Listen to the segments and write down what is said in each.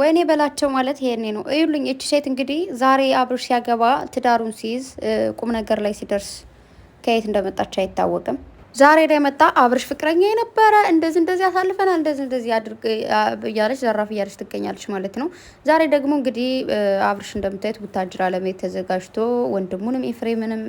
ወይኔ በላቸው ማለት ይሄኔ ነው። እዩልኝ፣ እቺ ሴት እንግዲህ ዛሬ አብርሽ ሲያገባ ትዳሩን ሲይዝ ቁም ነገር ላይ ሲደርስ ከየት እንደመጣች አይታወቅም። ዛሬ ላይ መጣ አብርሽ ፍቅረኛ የነበረ እንደዚህ እንደዚህ አሳልፈናል እንደዚህ እንደዚህ አድርግ እያለች ዘራፍ እያለች ትገኛለች ማለት ነው። ዛሬ ደግሞ እንግዲህ አብርሽ እንደምታዩት ቡታጅራ ለመሄድ ተዘጋጅቶ ወንድሙንም ኤፍሬምንም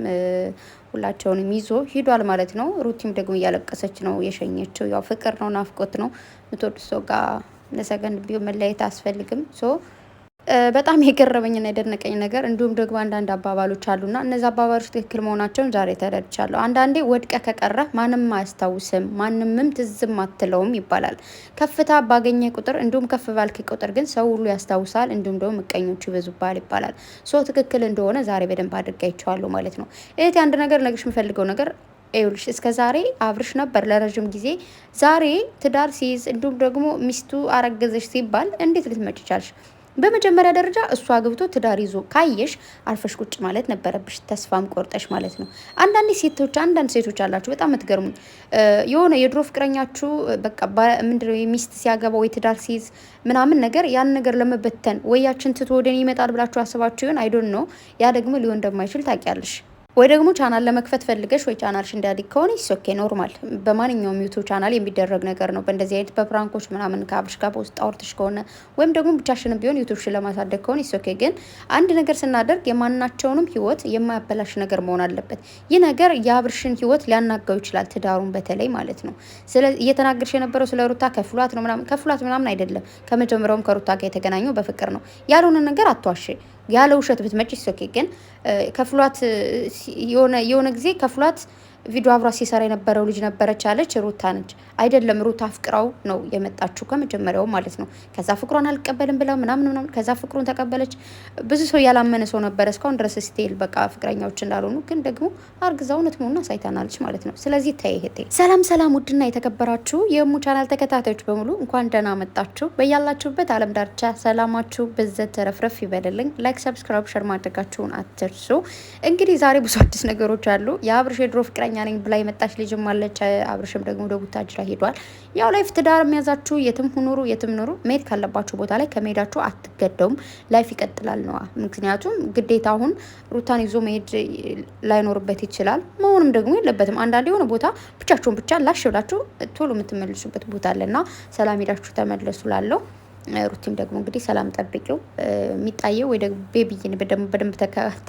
ሁላቸውንም ይዞ ሂዷል ማለት ነው። ሩቲም ደግሞ እያለቀሰች ነው የሸኘችው። ያው ፍቅር ነው፣ ናፍቆት ነው። ምትወድ ሰው ጋር ለሰከንድ ቢሆን መለያየት አስፈልግም። ሶ በጣም የገረመኝና የደነቀኝ ነገር እንዲሁም ደግሞ አንዳንድ አባባሎች አሉና እነዚ አባባሎች ትክክል መሆናቸውን ዛሬ ተረድቻለሁ። አንዳንዴ ወድቀ ከቀረ ማንም አያስታውስም፣ ማንምም ትዝም አትለውም ይባላል። ከፍታ ባገኘ ቁጥር እንዲሁም ከፍ ባልክ ቁጥር ግን ሰው ሁሉ ያስታውሳል፣ እንዲሁም ደግሞ ምቀኞቹ ይበዙባል ይባላል። ሶ ትክክል እንደሆነ ዛሬ በደንብ አድርጋይቸዋለሁ ማለት ነው። ይህ አንድ ነገር ልነግርሽ የምፈልገው ነገር ይኸውልሽ እስከ ዛሬ አብርሽ ነበር ለረዥም ጊዜ። ዛሬ ትዳር ሲይዝ እንዲሁም ደግሞ ሚስቱ አረገዘሽ ሲባል እንዴት ልትመጭ ቻልሽ? በመጀመሪያ ደረጃ እሱ አግብቶ ትዳር ይዞ ካየሽ አርፈሽ ቁጭ ማለት ነበረብሽ፣ ተስፋም ቆርጠሽ ማለት ነው። አንዳንድ ሴቶች አንዳንድ ሴቶች አላችሁ በጣም የምትገርሙኝ። የሆነ የድሮ ፍቅረኛችሁ በቃ ምንድነው የሚስት ሲያገባ ወይ ትዳር ሲይዝ ምናምን ነገር ያን ነገር ለመበተን ወያችን ትቶ ወደኔ ይመጣል ብላችሁ አስባችሁ ይሆን አይዶን ነው። ያ ደግሞ ሊሆን እንደማይችል ታውቂያለሽ። ወይ ደግሞ ቻናል ለመክፈት ፈልገሽ ወይ ቻናልሽ እንዳዲግ ከሆነ ይሶኬ ኖርማል። በማንኛውም ዩቱብ ቻናል የሚደረግ ነገር ነው። በእንደዚህ አይነት በፕራንኮች ምናምን ከአብርሽ ጋር በውስጥ አውርተሽ ከሆነ ወይም ደግሞ ብቻሽንም ቢሆን ዩቱብሽን ለማሳደግ ከሆነ ይሶኬ። ግን አንድ ነገር ስናደርግ የማናቸውንም ህይወት የማያበላሽ ነገር መሆን አለበት። ይህ ነገር የአብርሽን ህይወት ሊያናጋው ይችላል፣ ትዳሩን በተለይ ማለት ነው። ስለ እየተናገርሽ የነበረው ስለ ሩታ ከፍሏት ነው ምናምን፣ ከፍሏት ምናምን አይደለም። ከመጀመሪያውም ከሩታ ጋር የተገናኘው በፍቅር ነው። ያልሆነ ነገር አትዋሽ። ያለ ውሸት ብትመጪ ሶኬ ግን ከፍሏት የሆነ ጊዜ ከፍሏት ቪዲዮ አብራ ሲሰራ የነበረው ልጅ ነበረች አለች። ሩታ ነች አይደለም። ሩታ አፍቅራው ነው የመጣችው ከመጀመሪያው ማለት ነው። ከዛ ፍቅሯን አልቀበልም ብላ ምናምን ምናምን፣ ከዛ ፍቅሩን ተቀበለች። ብዙ ሰው ያላመነ ሰው ነበረ እስካሁን ድረስ ስቴል በቃ ፍቅረኛዎች እንዳልሆኑ ግን ደግሞ አርግዛ እውነት መሆኑን አሳይታናለች ማለት ነው። ስለዚህ ተይህቴ ሰላም ሰላም፣ ውድና የተከበራችሁ የሙ ቻናል ተከታታዮች በሙሉ እንኳን ደህና መጣችሁ። በያላችሁበት አለም ዳርቻ ሰላማችሁ በዘት ተረፍረፍ ይበልልኝ። ላይክ፣ ሰብስክራይብ፣ ሸር ማድረጋችሁን አትርሱ። እንግዲህ ዛሬ ብዙ አዲስ ነገሮች አሉ። የአብርሽ የድሮ ፍቅረ ፍቅረኛ ነኝ ብላ የመጣች ልጅም አለች። አብርሽም ደግሞ ወደ ቡታጅራ ሄዷል። ያው ላይፍ ትዳር የሚያዛችሁ የትም ሁኑሩ የትም ኑሩ፣ መሄድ ካለባችሁ ቦታ ላይ ከመሄዳችሁ አትገደውም። ላይፍ ይቀጥላል ነዋ። ምክንያቱም ግዴታ አሁን ሩታን ይዞ መሄድ ላይኖርበት ይችላል፣ መሆንም ደግሞ የለበትም። አንዳንድ የሆነ ቦታ ብቻችሁን ብቻ ላሽ ብላችሁ ቶሎ የምትመልሱበት ቦታ አለና ሰላም ሄዳችሁ ተመለሱ ላለው ሩቲም ደግሞ እንግዲህ ሰላም ጠብቂው የሚታየው ወይ ደግሞ ቤቢዬን በደንብ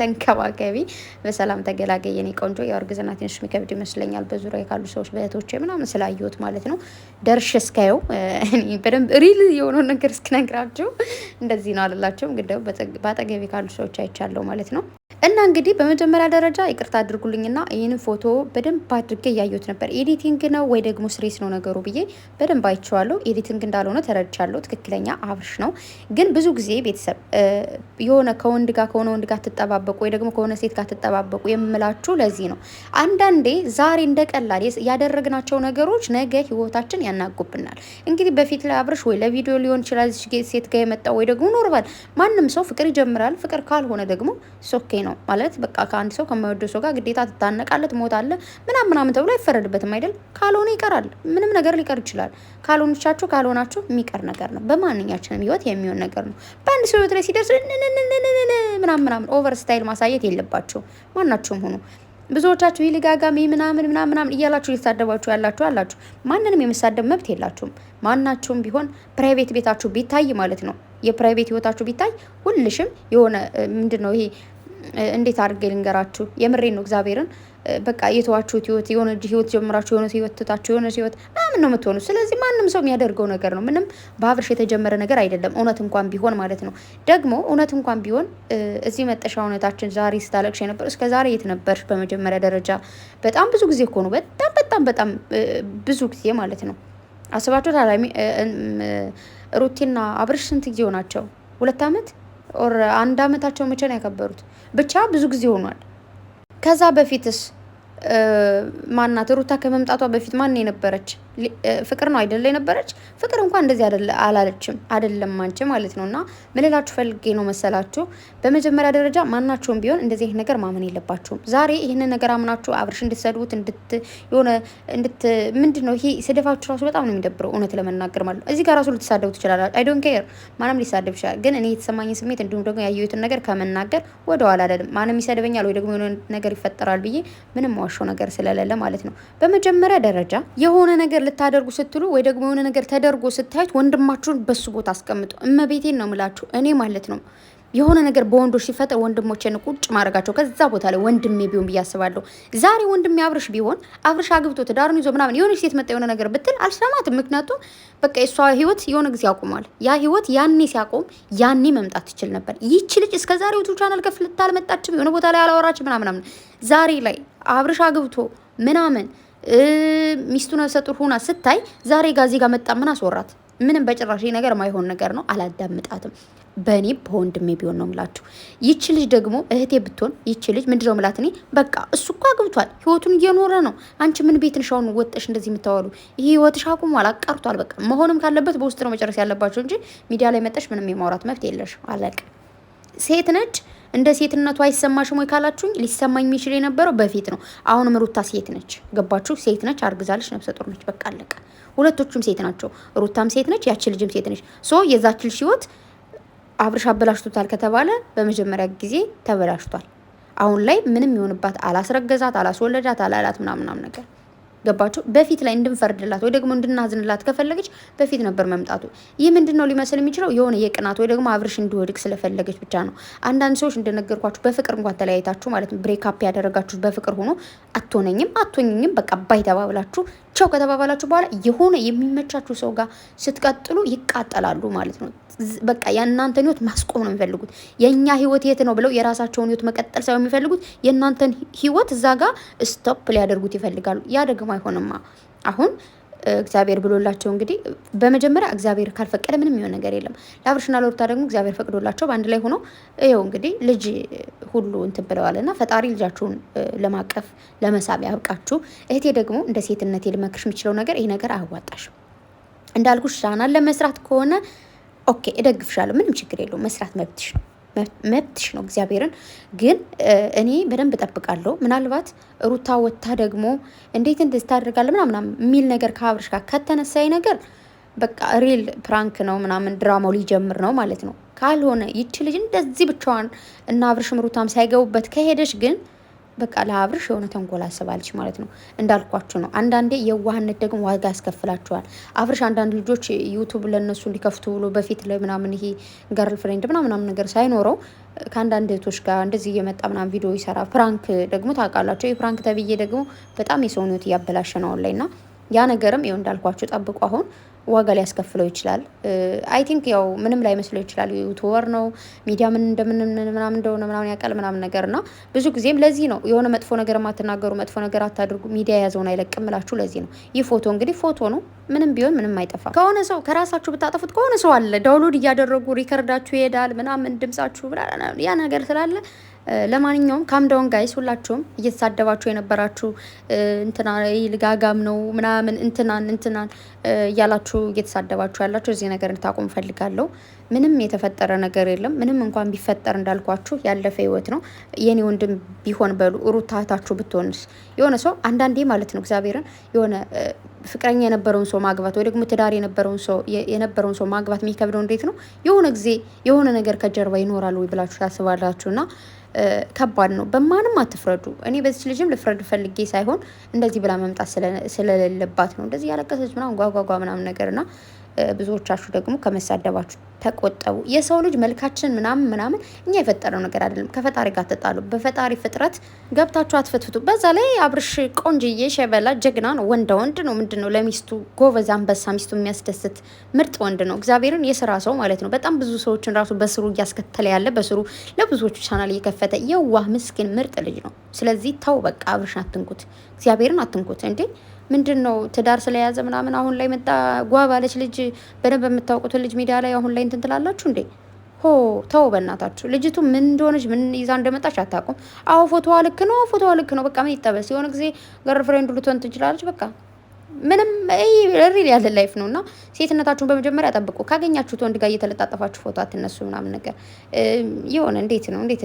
ተንከባከቢ፣ በሰላም ተገላገይ የኔ ቆንጆ። ያው እርግዝና ትንሽ የሚከብድ ይመስለኛል በዙሪያ ካሉ ሰዎች በእህቶቼ ምናምን ስላየሁት ማለት ነው። ደርሼ እስካየው በደንብ ሪል የሆነውን ነገር እስክነግራቸው እንደዚህ ነው አልላቸውም፣ ግን ደግሞ በአጠገቤ ካሉ ሰዎች አይቻለሁ ማለት ነው። እና እንግዲህ በመጀመሪያ ደረጃ ይቅርታ አድርጉልኝና ይህንን ፎቶ በደንብ አድርጌ እያየሁት ነበር። ኤዲቲንግ ነው ወይ ደግሞ ስሬት ነው ነገሩ ብዬ በደንብ አይቼዋለሁ። ኤዲቲንግ እንዳልሆነ ተረድቻለሁ። ትክክለኛ አብርሽ ነው። ግን ብዙ ጊዜ ቤተሰብ የሆነ ከወንድ ጋር ከሆነ ወንድ ጋር ትጠባበቁ ወይ ደግሞ ከሆነ ሴት ጋር ትጠባበቁ የምላችሁ ለዚህ ነው። አንዳንዴ ዛሬ እንደቀላል ያደረግናቸው ነገሮች ነገ ህይወታችን ያናጉብናል። እንግዲህ በፊት ላይ አብርሽ ወይ ለቪዲዮ ሊሆን ይችላል ሴት ጋር የመጣው ወይ ደግሞ ኖርባል ማንም ሰው ፍቅር ይጀምራል። ፍቅር ካልሆነ ደግሞ ሶኬ ነው ማለት በቃ ከአንድ ሰው ከማይወደ ሰው ጋር ግዴታ ትታነቃለህ፣ ትሞታለህ ምናምን ምናምን ተብሎ አይፈረድበትም አይደል? ካልሆነ ይቀራል። ምንም ነገር ሊቀር ይችላል። ካልሆንቻችሁ ካልሆናችሁ የሚቀር ነገር ነው። በማንኛችንም ህይወት የሚሆን ነገር ነው። በአንድ ሰው ህይወት ላይ ሲደርስ ምናምን ምናምን ኦቨር ስታይል ማሳየት የለባቸው ማናችሁም ሆኑ። ብዙዎቻችሁ ይልጋጋሚ ምናምን ምናምን ምናምን እያላችሁ ሊሳደባችሁ ያላችሁ አላችሁ። ማንንም የመሳደብ መብት የላችሁም። ማናችሁም ቢሆን ፕራይቬት ቤታችሁ ቢታይ ማለት ነው የፕራይቬት ህይወታችሁ ቢታይ ሁልሽም የሆነ ምንድን ነው ይሄ እንዴት አድርጌ ልንገራችሁ? የምሬ ነው እግዚአብሔርን በቃ የተዋችሁት ህይወት የሆነ ህይወት ጀምራችሁ የሆነ ህይወት ትታችሁ የሆነ ህይወት ምናምን ነው የምትሆኑ። ስለዚህ ማንም ሰው የሚያደርገው ነገር ነው። ምንም በአብርሽ የተጀመረ ነገር አይደለም። እውነት እንኳን ቢሆን ማለት ነው። ደግሞ እውነት እንኳን ቢሆን እዚህ መጠሻ እውነታችን ዛሬ ስታለቅሽ የነበር እስከ ዛሬ የት ነበርሽ? በመጀመሪያ ደረጃ በጣም ብዙ ጊዜ እኮ ነው። በጣም በጣም በጣም ብዙ ጊዜ ማለት ነው። አስባችሁ ታላሚ ሩቲና አብርሽ ስንት ጊዜ ሆናቸው? ሁለት አመት ኦር አንድ አመታቸው መቼ ነው ያከበሩት? ብቻ ብዙ ጊዜ ሆኗል። ከዛ በፊትስ ማናት ሩታ ከመምጣቷ በፊት ማን የነበረች ፍቅር ነው አይደለ? የነበረች ፍቅር እንኳን እንደዚህ አላለችም። አይደለም አንቺ ማለት ነው። እና ምልላችሁ ፈልጌ ነው መሰላችሁ። በመጀመሪያ ደረጃ ማናችሁም ቢሆን እንደዚህ ነገር ማመን የለባችሁም። ዛሬ ይህንን ነገር አምናችሁ አብርሽ እንድትሰድቡት እንድት የሆነ እንድት ምንድን ነው ይሄ ስደፋችሁ ራሱ በጣም ነው የሚደብረው። እውነት ለመናገር ማለት ነው። እዚህ ጋር ራሱ ልትሳደቡ ትችላላችሁ። አይ ዶንት ኬር ማንም ሊሳደብ ይችላል። ግን እኔ የተሰማኝ ስሜት እንዲሁም ደግሞ ያየሁትን ነገር ከመናገር ወደኋላ አይደለም። ማንም ይሰድበኛል ወይ ደግሞ የሆነ ነገር ይፈጠራል ብዬ ምንም የምንዋሸው ነገር ስለሌለ ማለት ነው። በመጀመሪያ ደረጃ የሆነ ነገር ልታደርጉ ስትሉ ወይ ደግሞ የሆነ ነገር ተደርጎ ስታዩት ወንድማችሁን በሱ ቦታ አስቀምጡ። እመቤቴን ነው ምላችሁ እኔ ማለት ነው። የሆነ ነገር በወንዶች ሲፈጠር ወንድሞቼን ቁጭ ማድረጋቸው ከዛ ቦታ ላይ ወንድሜ ቢሆን ብዬ አስባለሁ። ዛሬ ወንድሜ አብርሽ ቢሆን አብርሽ አግብቶ ትዳሩን ይዞ ምናምን የሆነች ሴት መጣ የሆነ ነገር ብትል አልሰማትም። ምክንያቱም በቃ የእሷ ህይወት የሆነ ጊዜ ያቆማል። ያ ህይወት ያኔ ሲያቆም ያኔ መምጣት ትችል ነበር። ይቺ ልጅ እስከ ዛሬ ዩቱብ ቻናል ከፍልታ አልመጣችም። የሆነ ቦታ ላይ አላወራችም ምናምናምን ዛሬ ላይ አብርሽ አግብቶ ምናምን ሚስቱ ነፍሰ ጡር ሆና ስታይ ዛሬ ጋዜጋ መጣ። ምን አስወራት? ምንም በጭራሽ ነገር ማይሆን ነገር ነው። አላዳምጣትም። በእኔ በወንድሜ ቢሆን ነው ምላችሁ። ይቺ ልጅ ደግሞ እህቴ ብትሆን ይቺ ልጅ ምንድነው ምላት? እኔ በቃ እሱ እኮ አግብቷል፣ ህይወቱን እየኖረ ነው። አንቺ ምን ቤትን ሻውን ወጠሽ እንደዚህ የምታወሉ? ይህ ህይወትሽ አቁሟል፣ አቃርቷል። በቃ መሆንም ካለበት በውስጥ ነው መጨረስ ያለባቸው እንጂ ሚዲያ ላይ መጠሽ ምንም የማውራት መብት የለሽ። አለቅ ሴት ነች። እንደ ሴትነቱ አይሰማሽም ወይ ካላችሁኝ ሊሰማኝ የሚችል የነበረው በፊት ነው። አሁንም ሩታ ሴት ነች። ገባችሁ? ሴት ነች፣ አርግዛለች፣ ነፍሰ ጡር ነች። በቃ አለቀ። ሁለቶቹም ሴት ናቸው። ሩታም ሴት ነች፣ ያቺ ልጅም ሴት ነች። ሶ የዛች ልጅ ህይወት አብርሽ አበላሽቶታል ከተባለ በመጀመሪያ ጊዜ ተበላሽቷል። አሁን ላይ ምንም የሆንባት አላስረገዛት፣ አላስወለዳት፣ አላላት ምናምናም ነገር ገባቸው በፊት ላይ እንድንፈርድላት ወይ ደግሞ እንድናዝንላት ከፈለገች በፊት ነበር መምጣቱ። ይህ ምንድን ነው ሊመስል የሚችለው የሆነ የቅናት ወይ ደግሞ አብርሽ እንዲወድቅ ስለፈለገች ብቻ ነው። አንዳንድ ሰዎች እንደነገርኳችሁ በፍቅር እንኳን ተለያይታችሁ ማለት ነው ብሬክ አፕ ያደረጋችሁ በፍቅር ሆኖ አትሆነኝም አትሆኝኝም በቃ ባይ ተባብላችሁ ቻው ከተባባላችሁ በኋላ የሆነ የሚመቻችሁ ሰው ጋር ስትቀጥሉ ይቃጠላሉ ማለት ነው። በቃ የእናንተን ህይወት ማስቆም ነው የሚፈልጉት። የእኛ ህይወት የት ነው ብለው የራሳቸውን ህይወት መቀጠል ሳይሆን የሚፈልጉት የእናንተን ህይወት እዛ ጋር ስቶፕ ሊያደርጉት ይፈልጋሉ። ያ ደግሞ አይሆንማ አሁን እግዚአብሔር ብሎላቸው እንግዲህ በመጀመሪያ እግዚአብሔር ካልፈቀደ ምንም የሆነ ነገር የለም። ለአብርሽና ለሩታ ደግሞ እግዚአብሔር ፈቅዶላቸው በአንድ ላይ ሆኖ ይኸው እንግዲህ ልጅ ሁሉ እንትን ብለዋል እና ፈጣሪ ልጃችሁን ለማቀፍ ለመሳብ ያብቃችሁ። እህቴ ደግሞ እንደ ሴትነቴ ልመክርሽ የምችለው ነገር ይህ ነገር አያዋጣሽም እንዳልኩሽ ሻናን ለመስራት ከሆነ ኦኬ እደግፍሻለሁ። ምንም ችግር የለውም። መስራት መብትሽ ነው። መብትሽ ነው። እግዚአብሔርን ግን እኔ በደንብ እጠብቃለሁ። ምናልባት ሩታ ወታ ደግሞ እንዴት እንደዚ ታደርጋለህ ምናምን የሚል ነገር ከአብርሽ ጋር ከተነሳይ ነገር በቃ ሪል ፕራንክ ነው ምናምን ድራማው ሊጀምር ነው ማለት ነው። ካልሆነ ይቺ ልጅ እንደዚህ ብቻዋን እና አብርሽም ሩታም ሳይገቡበት ከሄደች ግን በቃ ለአብርሽ የሆነ ተንኮል አስባለች ማለት ነው። እንዳልኳችሁ ነው። አንዳንዴ የዋህነት ደግሞ ዋጋ ያስከፍላችኋል። አብርሽ አንዳንድ ልጆች ዩቱብ ለእነሱ እንዲከፍቱ ብሎ በፊት ላይ ምናምን ይሄ ገርል ፍሬንድ ምናምናም ነገር ሳይኖረው ከአንዳንድ እህቶች ጋር እንደዚህ እየመጣ ምናምን ቪዲዮ ይሰራ። ፍራንክ ደግሞ ታውቃላቸው። የፍራንክ ተብዬ ደግሞ በጣም የሰውነት እያበላሸ ነው ላይ እና ያ ነገርም ይኸው እንዳልኳችሁ ጠብቁ አሁን ዋጋ ሊያስከፍለው ይችላል። አይ ቲንክ ያው ምንም ላይ መስለው ይችላል። ዩቱበር ነው ሚዲያ ምን እንደምን ምናምን እንደሆነ ምናምን ያውቃል ምናምን ነገር እና ብዙ ጊዜም ለዚህ ነው የሆነ መጥፎ ነገር ማትናገሩ፣ መጥፎ ነገር አታድርጉ፣ ሚዲያ የያዘውን አይለቅምላችሁ። ለዚህ ነው። ይህ ፎቶ እንግዲህ ፎቶ ነው። ምንም ቢሆን ምንም አይጠፋም። ከሆነ ሰው ከራሳችሁ ብታጠፉት ከሆነ ሰው አለ ዳውንሎድ እያደረጉ ሪከርዳችሁ ይሄዳል ምናምን ድምጻችሁ ያ ነገር ስላለ ለማንኛውም ካምዳውን ጋይስ ሁላችሁም እየተሳደባችሁ የነበራችሁ እንትና ልጋጋም ነው ምናምን እንትናን እንትናን እያላችሁ እየተሳደባችሁ ያላችሁ እዚህ ነገር እንድታቆም ፈልጋለሁ። ምንም የተፈጠረ ነገር የለም። ምንም እንኳን ቢፈጠር እንዳልኳችሁ ያለፈ ህይወት ነው። የኔ ወንድም ቢሆን በሉ ሩታታችሁ ብትሆንስ የሆነ ሰው አንዳንዴ ማለት ነው እግዚአብሔርን የሆነ ፍቅረኛ የነበረውን ሰው ማግባት ወይ ደግሞ ትዳር የነበረውን ሰው የነበረውን ሰው ማግባት የሚከብደው እንዴት ነው? የሆነ ጊዜ የሆነ ነገር ከጀርባ ይኖራል ወይ ብላችሁ ታስባላችሁ እና ከባድ ነው። በማንም አትፍረዱ። እኔ በዚች ልጅም ልፍረድ ፈልጌ ሳይሆን እንደዚህ ብላ መምጣት ስለሌለባት ነው እንደዚህ ያለቀሰች ምናምን ጓጓጓ ምናምን ነገር እና ብዙዎቻችሁ ደግሞ ከመሳደባችሁ ተቆጠቡ። የሰው ልጅ መልካችን ምናምን ምናምን እኛ የፈጠረው ነገር አይደለም። ከፈጣሪ ጋር ተጣሉ። በፈጣሪ ፍጥረት ገብታችሁ አትፈትፍቱ። በዛ ላይ አብርሽ ቆንጅዬ፣ ሸበላ፣ ጀግና ነው። ወንደ ወንድ ነው። ምንድን ነው ለሚስቱ ጎበዝ አንበሳ፣ ሚስቱ የሚያስደስት ምርጥ ወንድ ነው። እግዚአብሔርን የስራ ሰው ማለት ነው። በጣም ብዙ ሰዎችን ራሱ በስሩ እያስከተለ ያለ በስሩ ለብዙዎቹ ቻናል እየከፈተ የዋህ ምስኪን ምርጥ ልጅ ነው። ስለዚህ ተው በቃ አብርሽን አትንኩት፣ እግዚአብሔርን አትንኩት እንዴ ምንድን ነው ትዳር ስለያዘ ምናምን አሁን ላይ መጣ ጓባለች ልጅ በደንብ የምታውቁትን ልጅ ሚዲያ ላይ አሁን ላይ እንትን ትላላችሁ እንዴ? ሆ ተው በእናታችሁ። ልጅቱ ምን እንደሆነች ምን ይዛ እንደመጣች አታውቁም። አዎ ፎቶዋ ልክ ነው፣ ፎቶዋ ልክ ነው። በቃ ምን ይጠበስ። የሆነ ጊዜ ገር ፍሬንድ ልትሆን ትችላለች። በቃ ምንም ሪል ያለ ላይፍ ነው እና ሴትነታችሁን በመጀመሪያ ጠብቁ። ካገኛችሁት ወንድ ጋር እየተለጣጠፋችሁ ፎቶ አትነሱ ምናምን ነገር የሆነ እንዴት ነው እንዴት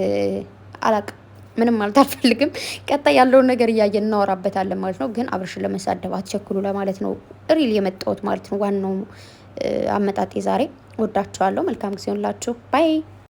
አላውቅም። ምንም ማለት አልፈልግም። ቀጣይ ያለውን ነገር እያየን እናወራበታለን ማለት ነው። ግን አብርሽን ለመሳደብ አትቸክሉ ለማለት ነው ሪል የመጣሁት ማለት ነው። ዋናው አመጣጤ ዛሬ ወዳችኋለሁ። መልካም ጊዜ ሆንላችሁ ባይ